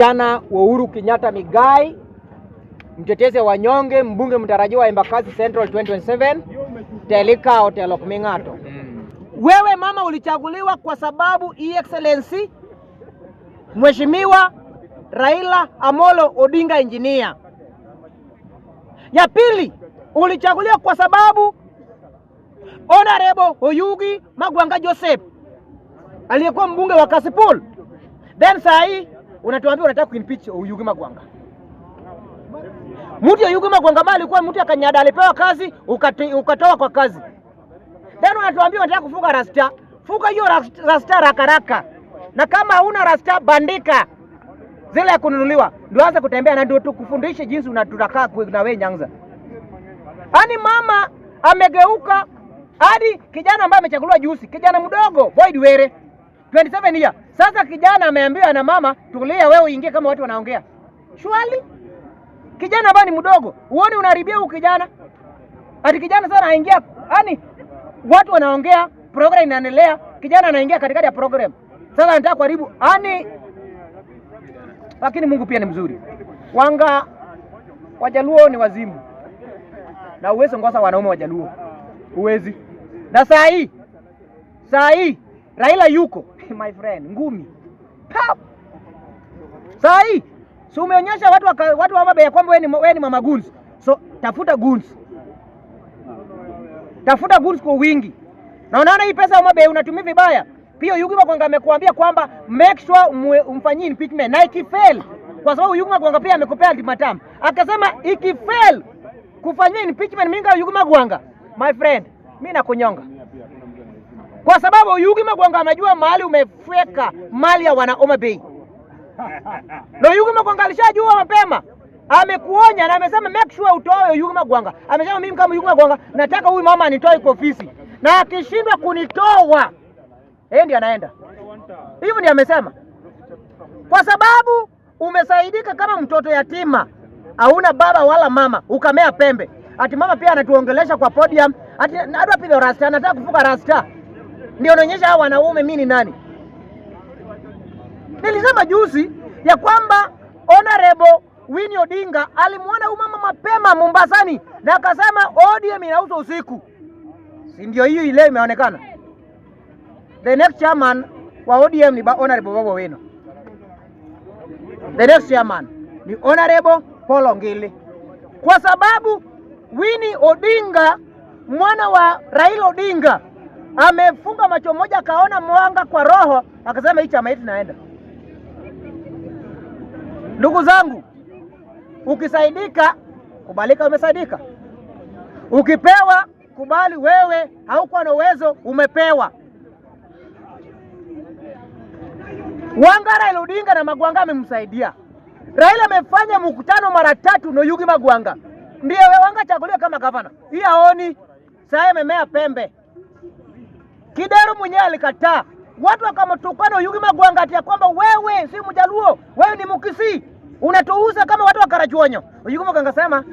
Jana Uhuru Kenyatta Migai, mtetezi wa wanyonge, mbunge mtarajiwa wa Embakasi Central 2027 Telika Hotel Mingato. Mm. Wewe mama ulichaguliwa kwa sababu His e Excellency Mheshimiwa Raila Amolo Odinga engineer. Ya pili ulichaguliwa kwa sababu Honorable Oyugi Magwanga Joseph aliyekuwa mbunge wa Kasipul, then saa hii unatuambia unataka kuimpeach Oyugi Magwanga. Mtu Oyugi Magwanga mali alikuwa mtu akanyada, alipewa kazi ukati, ukatoa kwa kazi, then unatuambia unataka kufuga rasta. Fuga hiyo rasta raka raka, na kama hauna rasta bandika zile ya kununuliwa, ndio anza kutembea na ndio tukufundishe jinsi unatutakaa na wewe Nyanza. Ani mama amegeuka hadi kijana ambaye amechaguliwa juzi, kijana mdogo Boyd Were 27 year sasa kijana ameambiwa na mama, tulia wewe uingie kama watu wanaongea. Shwali kijana bani ni mdogo, uone unaharibia huyu kijana. Ati kijana sasa anaingia, yani watu wanaongea, program inaendelea, kijana anaingia katikati ya program. Sasa anataka kuharibu yani, lakini Mungu pia ni mzuri. Wanga Wajaluo ni wazimu na uwezo ngosa, wanaume Wajaluo uwezi. Na saa hii saa hii Raila yuko yes my friend, ngumi saa hii So umeonyesha watu waka, watu wa kwamba wewe ni, wewe ni mama guns. So tafuta guns, tafuta guns kwa wingi, na unaona hii pesa ya Mabea unatumia vibaya. Pia Yugima Kwanga amekuambia kwamba make sure umfanyie impeachment na ikifail, kwa sababu Yugima Kwanga pia amekupea ultimatum, akasema ikifail kufanyia impeachment minga Yugima Kwanga, my friend, mimi nakunyonga kwa sababu yugima Magwanga anajua mahali umefweka mali ya wana Homa Bay. No, yugima gwanga alishajua mapema, amekuonya na amesema make sure utoe yugima Magwanga. Amesema mimi kama yugima Magwanga nataka huyu mama anitoe kwa ofisi, na akishindwa kunitoa yeye ndiye anaenda. Hivyo ndiye amesema, kwa sababu umesaidika kama mtoto yatima, hauna baba wala mama, ukamea pembe. Ati mama pia anatuongelesha kwa podium, ati adwa pile rasta, anataka kufuka rasta ndio naonyesha hawa wanaume mimi ni nani. Nilisema juzi ya kwamba Honorable Winnie Odinga alimwona mama mapema Mombasani na akasema ODM inauza usiku, si ndio? Hiyo ile imeonekana the next chairman wa ODM ni Honorable Baba Wino, the next chairman ni Honorable Paul Ongili, kwa sababu Winnie Odinga mwana wa Raila Odinga Amefunga macho moja akaona mwanga kwa roho, akasema hii chama yetu naenda. Ndugu zangu, ukisaidika kubalika, umesaidika. Ukipewa kubali, wewe haukuwa na uwezo, umepewa. Wanga Raila na Magwanga amemsaidia Raila. Amefanya mkutano mara tatu na Yugi Magwanga, ndiye Wanga chaguliwa kama gavana, hii aoni. saa imemea pembe. Kideru mwenyewe alikataa, watu wakamtukana Yugi Magwangati kwamba wewe si Mjaluo, wewe ni Mkisii, unatuuza kama watu wa Karachuonyo. Yugi sema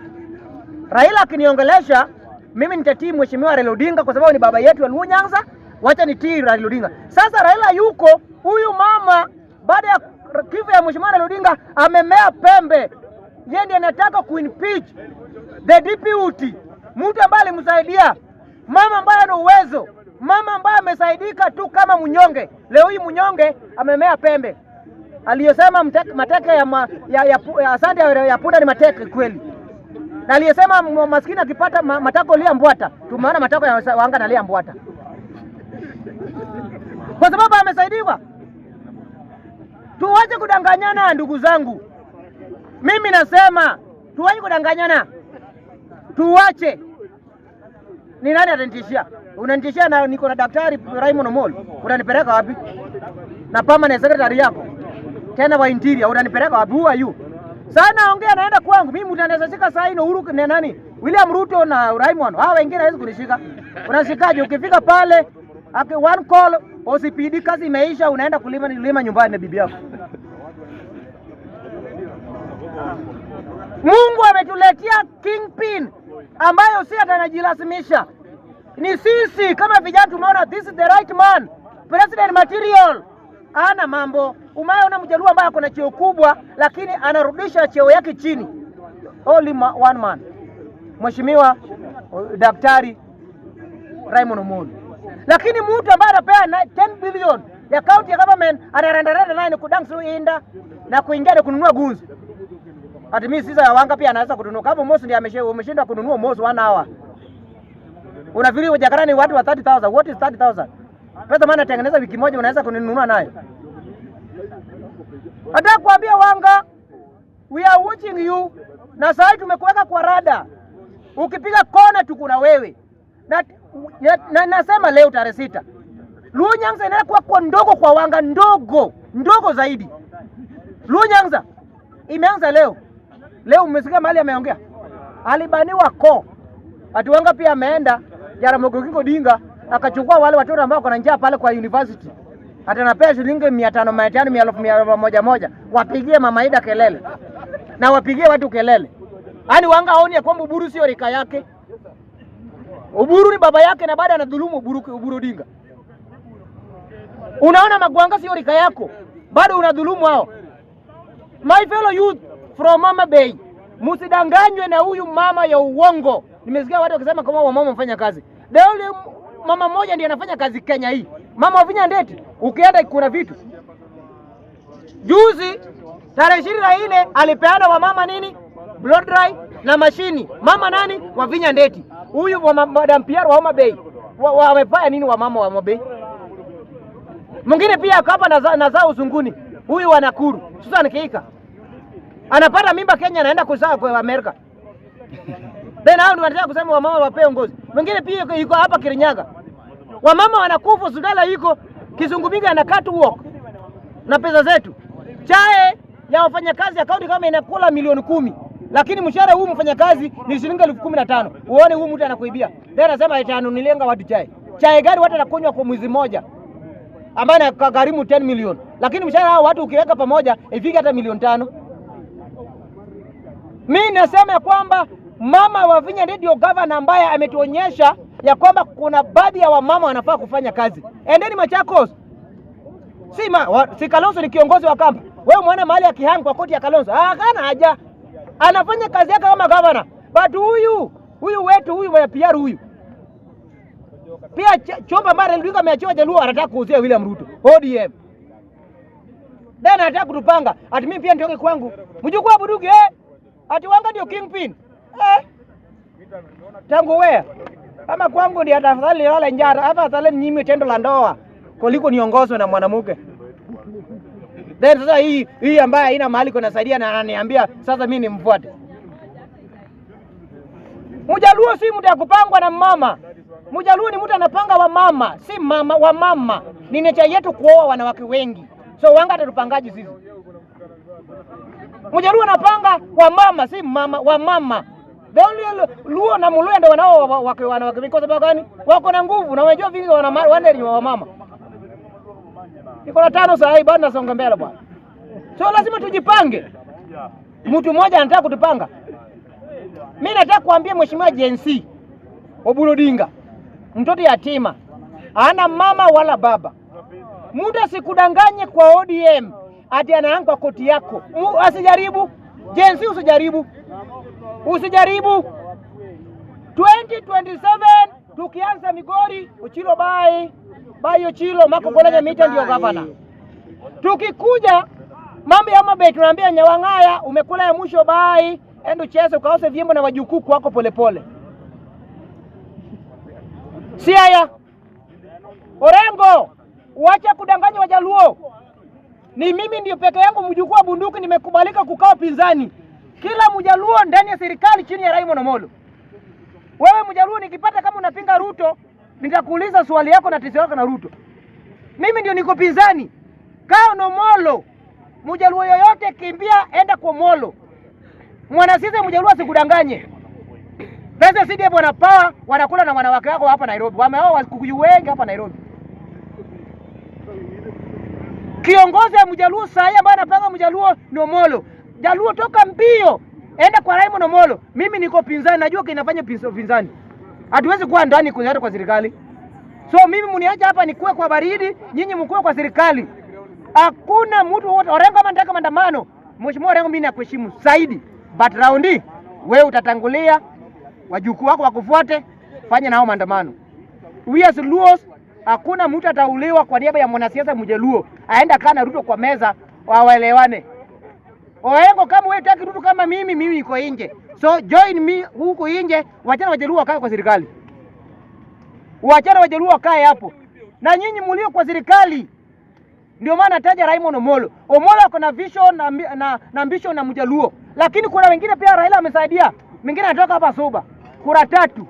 Raila akiniongelesha mimi nitatii mheshimiwa Raila Odinga kwa sababu ni baba yetu Waluo Nyanza, wacha nitii Raila Odinga. Sasa Raila yuko huyu mama, baada ya kifo ya mheshimiwa Raila Odinga amemea pembe, yeye ndiye anataka kuimpeach the deputy, mtu ambaye alimsaidia mama ambaye ana uwezo mama tumesaidika tu kama mnyonge. Leo hii mnyonge amemea pembe. Aliyosema mateke ya, ma, ya, ya, ya asante ya, ya punda ni mateke kweli, na aliyesema maskini akipata ma, matako lia mbwata, tumeona matako ya wanga na lia mbwata kwa sababu amesaidiwa. Tuwache kudanganyana ndugu zangu, mimi nasema tuwache kudanganyana, tuwache. Ni nani atanitishia? unanitishia na niko na daktari Raymond Omolo, unanipeleka wapi? Na permanent secretary yako tena wa interior unanipeleka wapi? Who are you? Sana ongea naenda kwangu mimi, mtanaweza shika saa hii na Uhuru na nani William Ruto na Raymond, hao wengine hawezi kunishika. Unashikaje ukifika pale ake one call OCPD, kazi imeisha, unaenda kulima nilima nyumbani na bibi yako. Mungu ametuletea kingpin ambayo si atanajilazimisha ni sisi kama vijana tumeona this is the right man, president material. Ana mambo umeona, mjaluo ambaye ako na cheo kubwa, lakini anarudisha cheo yake chini. Only one man, Mheshimiwa uh, Daktari Raymond Omondi Lakini mtu ambaye anapea 10 billion ya county government anarandaranda naye ni kudansuinda na kuingia na kununua gunzi. At least sasa Wanga pia anaweza kutunuka hapo. mosu ndiye ameshinda kununua mosu one hour Unafikiri wajakara ni watu wa 30000? What is 30000? Pesa maana tengeneza wiki moja unaweza kuninunua nayo. hata kuambia wanga, we are watching you, na sasa tumekuweka kwa rada. Ukipiga kona kuna wewe na, na, na nasema leo tarehe sita Lunyangza inaenda kuwa kwa ndogo kwa wanga, ndogo ndogo zaidi. lunyanza imeanza leo. Leo umesikia mahali ameongea, alibaniwa ko ati wanga pia ameenda Jaramogi Oginga Odinga akachukua wale watoto ambao wako na njaa pale kwa university, atanapea shilingi mia tano mia tano mia elfu mia moja moja, wapigie mama Ida kelele na wapigie watu kelele. Yaani wanga haoni ya kwamba Uburu sio rika yake, Uburu ni baba yake, na baada anadhulumu Uburu, Uburu Odinga. Unaona, Magwanga sio rika yako, bado unadhulumu hao. My fellow youth from Mama Bay, musidanganywe na huyu mama ya uongo. Nimesikia watu wakisema kama mama wamfanya kazi. Leo ile mama mmoja ndiye anafanya kazi Kenya hii, mama Wavinya Ndeti. Ukienda kuna vitu juzi tarehe ishirini na nne alipeana wamama nini blood dry na mashini mama nani Wavinya Ndeti, huyu wa madam Pierre wa Homa Bay wamefanya nini mama wa Homa Bay? Mwingine pia akapa nazaa za uzunguni huyu wa Nakuru Susan Kiika anapata mimba Kenya, anaenda kuzaa kwa Amerika Then hao ndio wanataka kusema wamama wapewe ngozi. Wengine pia yuko hapa Kirinyaga, wamama wanakufa, Sudala yuko Kizungumiga na catwalk na pesa zetu. Chae ya wafanyakazi ya kaunti kama inakula milioni kumi, lakini mshahara huu mfanyakazi ni shilingi elfu kumi na tano. Uone huu mtu anakuibia, then anasema itanunulienga watu chai chai gari watu anakunywa kwa mwezi mmoja ambaye anagharimu 10 milioni, lakini mshahara hao watu ukiweka pamoja ifika hata milioni tano. Mimi nasema kwamba mama wa Vinya ndio gavana ambaye ametuonyesha ya kwamba kuna baadhi ya wamama wanafaa kufanya kazi. Endeni Machakos, si ma, wa, si Kalonzo ni kiongozi wa kambi. Wewe umeona mahali ya Kihang'o kwa koti ya Kalonzo Ah, hana haja, anafanya kazi yake kama gavana, but huyu huyu wetu huyu wa PR huyu pia chomba mara ndio kama achoa Jaluo anataka kuuzia William Ruto ODM then anataka kutupanga ati mimi pia nitoke kwangu mjukuu wa Buduki eh, ati wanga ndio kingpin tangu we kama kwangu ndi atafadhali lala njara hapa afadhali nyimi tendo la ndoa kuliko niongozwe na mwanamke. Then sasa hii hii ambaye haina mahali kunasaidia na ananiambia sasa mimi nimfuate. Mjaluo si mtu kupangwa na mama. Mjaluo ni mtu anapanga wa mama, si mama wa mama. Ni yetu kuoa wanawake wengi. So wanga tatupangaji sisi. Mjaluo anapanga wa mama, si mama wa mama. Luo na Mulwendo wanao wanawake kwa sababu gani? Wako na nguvu na wanajua vingi, wa mama. Iko na tano saa hii bado nasonga mbele bwana, so lazima tujipange. Mtu mmoja anataka kutupanga. Mimi nataka kuambia mheshimiwa JNC Oburu Odinga, mtoto yatima ana mama wala baba, muda asikudanganye kwa ODM ati anaanga koti yako, asijaribu. JNC usijaribu usijaribu 2027 tukianza Migori Ochilo bai bai Ochilo Mako Kolaja Mita ndio gavana. Tukikuja mambo ya mabe, tunaambia Nyawang'aya, umekula ya mwisho bai endo cheza ukaose vyembo na wajukuu kwako polepole, si haya Orengo, uache kudanganya Wajaluo. Ni mimi ndio peke yangu mjukuu wa bunduki nimekubalika kukaa pinzani kila mjaluo ndani ya serikali chini ya Raymond Omolo. Wewe mjaluo, nikipata kama unapinga Ruto, nitakuuliza swali yako na tisi yako na Ruto. Mimi ndio niko pinzani Kaon nomolo Mjaluo yoyote kimbia, enda kwa Molo. Mwanasiasa mjaluo asikudanganye. Pesa na wanapawa wanakula na wanawake wako hapa Nairobi. Wameoa Wakikuyu wengi hapa Nairobi. Kiongozi ya mjaluo saa hii ambaye anapanga mjaluo ni Omolo. Jaluo toka mbio, enda kwa Raymond Omolo. Mimi niko pinzani, najua kinafanya pinzani, hatuwezi kuwa ndani kunyata kwa serikali. So mimi mniache hapa nikuwe kwa baridi, nyinyi mkuwe kwa serikali. Hakuna mtu wote Orengo, ama nataka maandamano, mheshimiwa Orengo, mimi nakuheshimu zaidi, but raundi wewe utatangulia, wajukuu wako wakufuate, fanya nao maandamano. We as Luos, hakuna mtu atauliwa kwa niaba ya mwanasiasa mjeluo aenda kana Ruto kwa meza wawaelewane. Oengo, kama wewe utaki Ruto kama mimi, mimi niko nje, so join me huko nje. Wachana wajaluo wakae kwa serikali, wachana wajaluo wakae hapo, na nyinyi mlio kwa serikali. Ndio maana nataja Raymond Omolo. Omolo ako na vision na, na, na ambition na mjaluo, lakini kuna wengine pia Raila amesaidia, mwingine anatoka hapa Suba, kura tatu.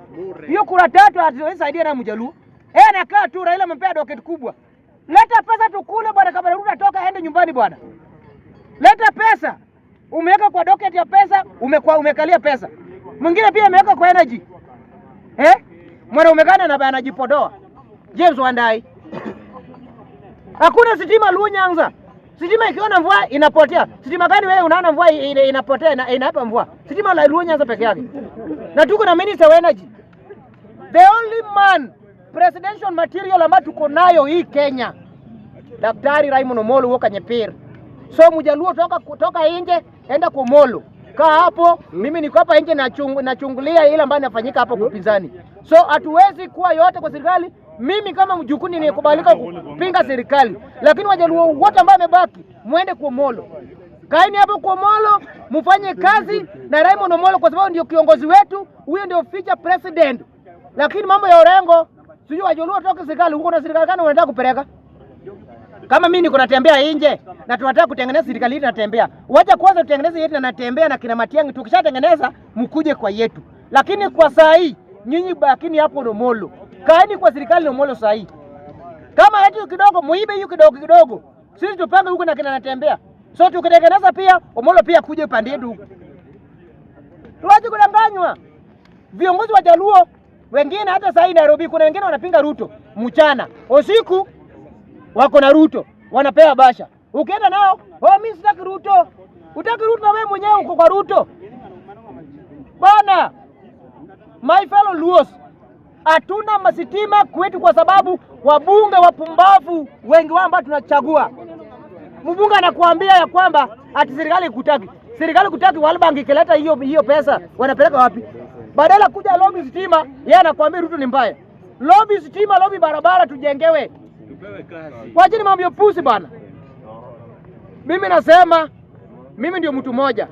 Hiyo kura tatu atasaidia na mjaluo, yeye anakaa tu. Raila amempea docket kubwa. Leta pesa tukule bwana, kabla Ruto atoka aende nyumbani bwana, leta pesa umeweka kwa docket ya pesa, umekuwa umekalia pesa. Mwingine pia ameweka kwa energy eh, mwana umekana na anajipodoa James Wandai. Hakuna sitima Lunyangza. Sitima ikiona mvua inapotea. Sitima gani wewe unaona mvua inapotea na inapa mvua? Sitima la Lunyangza peke yake. Na tuko na minister wa energy. The only man presidential material ambayo tuko nayo hii Kenya. Daktari Raymond Omolo Woka Nyepir. So mjaluo toka kutoka nje enda kwa molo, kaa hapo. Mimi niko hapa nje nachungulia ile ambayo inafanyika hapo kupinzani. So hatuwezi kuwa yote kwa serikali. Mimi kama mjukuu nilikubalika kupinga serikali, lakini wajaluo wote ambao wamebaki muende kwa molo, kaeni hapo kwa molo, mfanye kazi na Raymond Omolo kwa sababu ndio kiongozi wetu, huyo ndio future president. Lakini mambo ya Orengo, sijui wajaluo toke serikali huko na serikali kana wanataka kupeleka kama mimi niko natembea nje na tunataka kutengeneza serikali yetu natembea, wacha kwanza tutengeneze yetu na natembea na kina Matiang'i. Tukishatengeneza mkuje kwa yetu, lakini kwa saa hii nyinyi bakini hapo Nomolo. kaeni kwa serikali Nomolo saa hii. Kama yetu kidogo muibe hiyo kidogo kidogo, sisi tupange huko na kina natembea. So tukitengeneza pia Omolo pia kuje pande yetu huko, tuwache kudanganywa viongozi wa Jaluo wengine. Hata saa hii Nairobi kuna wengine wanapinga Ruto mchana usiku wako na Ruto wanapewa basha, ukienda nao oh, mimi sitaki Ruto. Utaki Ruto na wewe mwenyewe uko kwa Ruto bana. My fellow Luos, hatuna masitima kwetu kwa sababu wabunge wapumbavu wengi wao ambao tunachagua. Mbunge anakuambia ya kwamba ati serikali kutaki, serikali kutaki, Walbank ikileta hiyo hiyo pesa wanapeleka wapi? Badala kuja lobby stima, yeye anakuambia Ruto ni mbaya. Lobby stima, lobby barabara tujengewe ni mambo ya pusi bwana. Mimi nasema mimi ndio mtu mmoja,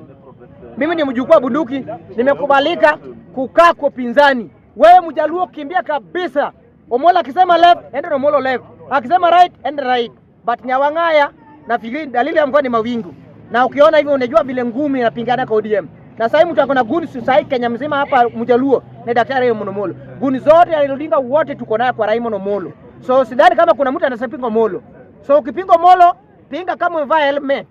mimi ndio mjukuu wa bunduki, nimekubalika kukaa kwa pinzani. Wewe mjaluo kimbia kabisa. Omolo akisema left, enda na Omolo left, akisema right, enda right. But Nyawang'aya nafikiri dalili ya mvua ni mawingu, na ukiona hivyo unajua vile ngumi inapingana kwa ODM na sasa hivi mtu akona guns sasa Kenya mzima hapa mjaluo ni daktari Raymond Omolo. Guns zote alilodinga wote tuko naye kwa Raymond Omolo. So sidhani kama kuna mtu anasapinga molo. So ukipinga molo, pinga kama umevaa helmet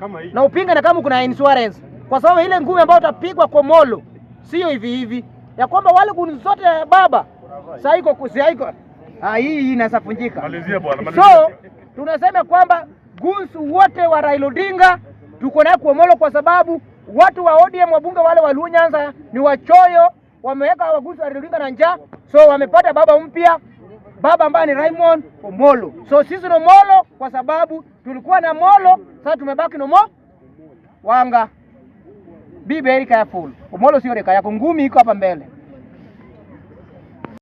kama hii, na upinga na kama kuna insurance, kwa sababu ile ngumi ambayo utapigwa kwa molo sio hivi hivi ya kwamba wale kuni zote baba iko. Ah, hii inasafunjika. Malizia bwana, malizia. So tunasema kwamba gunsu wote wa Raila Odinga tuko naye kwa molo, kwa sababu watu wa ODM wabunge wale wa Luo Nyanza ni wachoyo, wameweka wagunsu wa Raila Odinga na njaa, so wamepata baba mpya baba ambaye ni Raymond Omolo. So sisi ni Omolo kwa sababu tulikuwa na Molo, sasa tumebaki nomo Wanga. Be very careful. Omolo sio reka yako, ngumi iko hapa mbele.